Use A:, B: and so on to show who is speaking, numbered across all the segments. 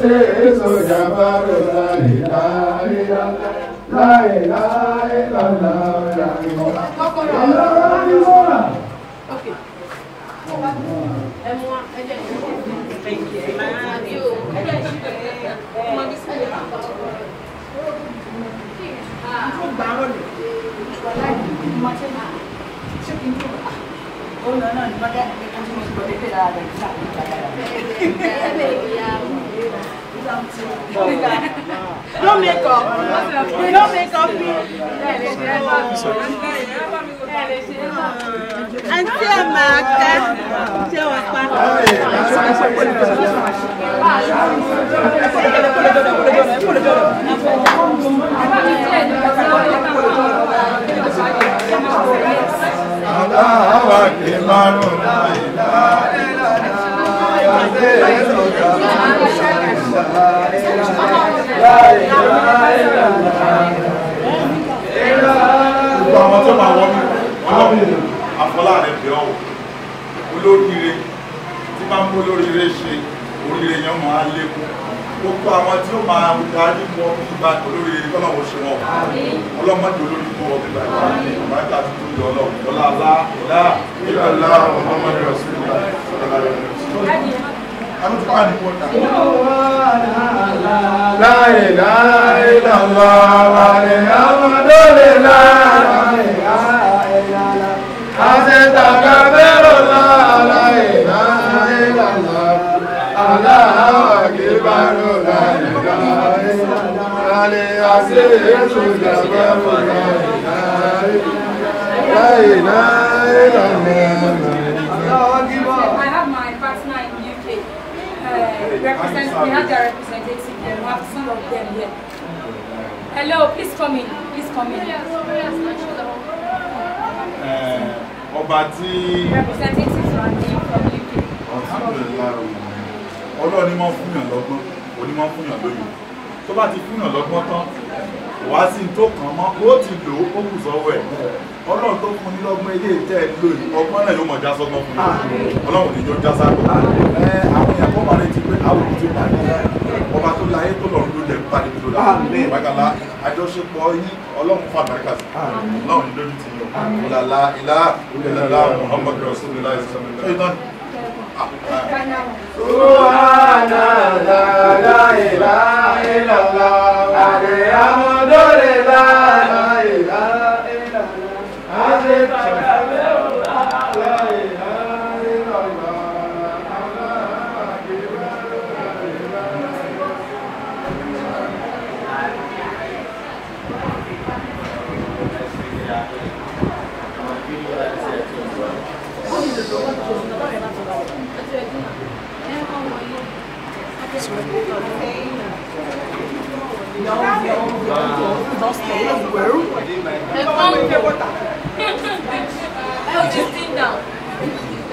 A: lai lai lai lai lai lai lai lai lai lai lai lai lai Oh no no, no, no, no, no, no, no, no, no, no, no, no, No
B: makeup. No makeup.
A: Àǹtí ẹ̀ máa ká Allah wà pa. Àwọn àgbẹ̀ márùn-ún náà ìlà ìlànà àti ẹ̀rọ ìjọba gbogbo àwọn tó máa wọ́n ọlọ́run àfọlá rẹ̀ bẹ̀ ọ́ olóríire tí máa ń mú olóríire ṣe oríire yẹn máa lékún gbogbo àwọn tí ó máa darí mọ ìgbà olóríire kọ́nà wọ́n ṣe wọn ọlọ́mọdé olórí kọ́ ọdún bàbá bàbá àti tó yọ ọlọ́run ọlá alá ìlà ìlà ọmọdé ọ̀sùn ìlà ìlà ìlà láì láì lọ́wọ́ wàlẹ̀ àmọ́dọ́lẹ̀ láì àṣetàkà mẹ́rọ láì láì lọ́wọ́ aláwọ̀ kìbárò láì láì lálẹ́ àṣẹ ètò ìjàmbá mọ́ láì láì láì lọ́wọ́. represent, we have their representative here. We have some of them here. Hello, please come in. Please come in. Eh, ọba tí. Representatives are here from UK. Alhamdulillah. Ọlọ́run ni máa ń fúnyàn lọ́gbọ́n, òní máa ń fúnyàn lóyún. Tó bá ti fúnyàn lọ́gbọ́n tán, wàá sí tó kàn mọ́, ó ti lò ó kó kù sọ́wọ́ ẹ̀. Ọlọ́run tó fún ní lọ́gbọ́n ilé ìtẹ́ ẹ̀ lóyún, ọgbọ́n náà ló mọ̀ já sọ́gbọ́n fún mi. Ọlọ́run ò ní jọ já ságbọ́n àwọn èèyàn tó máa ti pé àwọn òkú ti pa ọba tó láyé tó lọ́run ló jẹ́ ń tó dà bàgàlà àjọṣepọ̀ yìí ọlọ́run fún àbáríkà sí ọlọ́run ní lójú ti yọ ọ̀làlà ìlà ìlàlà Muhammad rasulillah ìsọ̀rọ̀ ìtọ́ ìtọ́ Subhanallah la ilaha illallah sit sit sit down. down. down. upstairs. Ẹ kọ́ ẹ ò jí sí náà.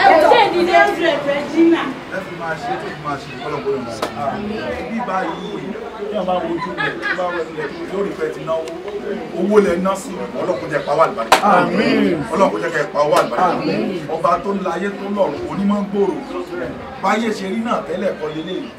A: Ẹ ò jẹ́ ìdílé rẹ̀ rẹ̀ jìnnà. Ẹ fi máa ṣe tó fi máa ṣe kọ́lọ̀kọ́lọ̀ máa ṣe. Bí báyìí bí wọ́n bá wo ojú rẹ̀ tó bá wẹ̀ lẹ̀ lórí fẹ́ ti náwó. Owó lẹ ná sí ọlọ́kùn jẹ́ pawá àlùbáríkà. Ọlọ́kùn jẹ́ kẹ́ pawá àlùbáríkà. Ọba tó láyé tó lọ́rùn onímọ̀ gbòòrò. Báyé ṣe rí náà tẹ́lẹ̀ kọ́ lélẹ́yìí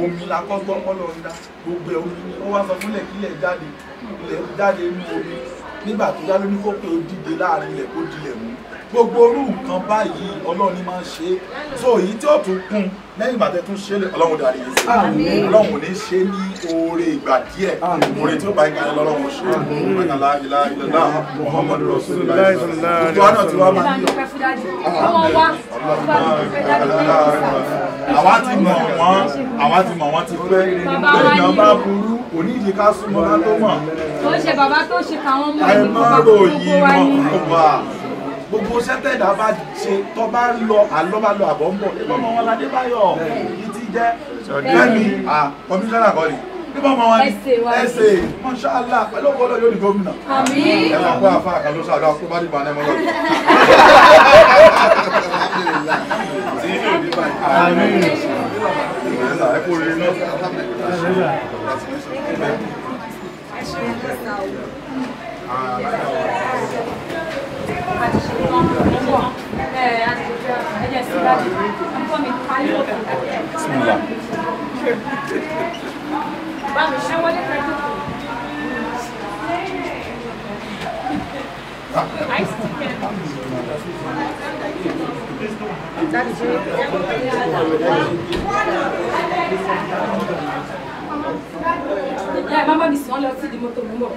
A: omi la kọ́ gbọ́ kọ́ lọ ń dá gbogbo ẹ̀ omi ni ó wá sọ fúnlẹ̀ kílẹ̀ jáde ilẹ̀ jáde nínú omi nígbà tó yá ló ní kó pé ó dìde láàrin ilẹ̀ kó dilẹ̀ mú gbogbo orú nǹkan báyìí ọlọ́run ni máa ń ṣe é so èyí tí ó tún kún lẹ́yìn ìgbà tẹ́ tún ṣe lè ọlọ́run darí yìí sí ọlọ́run ní ṣe ní oore ìgbà díẹ̀ oore tí ó bá ìgbà lọ́lọ́run ṣe ìgbàlá ìlà ìlànà Muhammadu Rasulullah gbogbo wa náà ti wá máa ń lọ àwa ti mọ̀ wọ́n àwa ti mọ̀ wọ́n ti fẹ́ èèyàn bá burú kò ká súnmọ́ ká tó mọ̀. kò ṣe bàbá tó ṣe tàwọn ọmọ ẹ má ròyìn mọ́ wà gbogbo sẹ́tẹ̀dá bá ṣe tó bá lọ àlọ́ bá lọ àbọ̀ ń bọ̀ nígbà ọmọ wọn ládé báyọ̀ yìí ti jẹ́ fẹ́mi kọmíṣánná kọ́ni nígbà ọmọ wọn ẹsẹ̀ mọ́ṣáláà pẹ̀lú ọgbọ́dọ̀ yóò di gómìnà ẹ máa kó àfa àkàlọ́sọ àlọ́ àkóbá dìbò àná ẹ lọ́dún. bá Yeah, mama, this one, let's see the motor.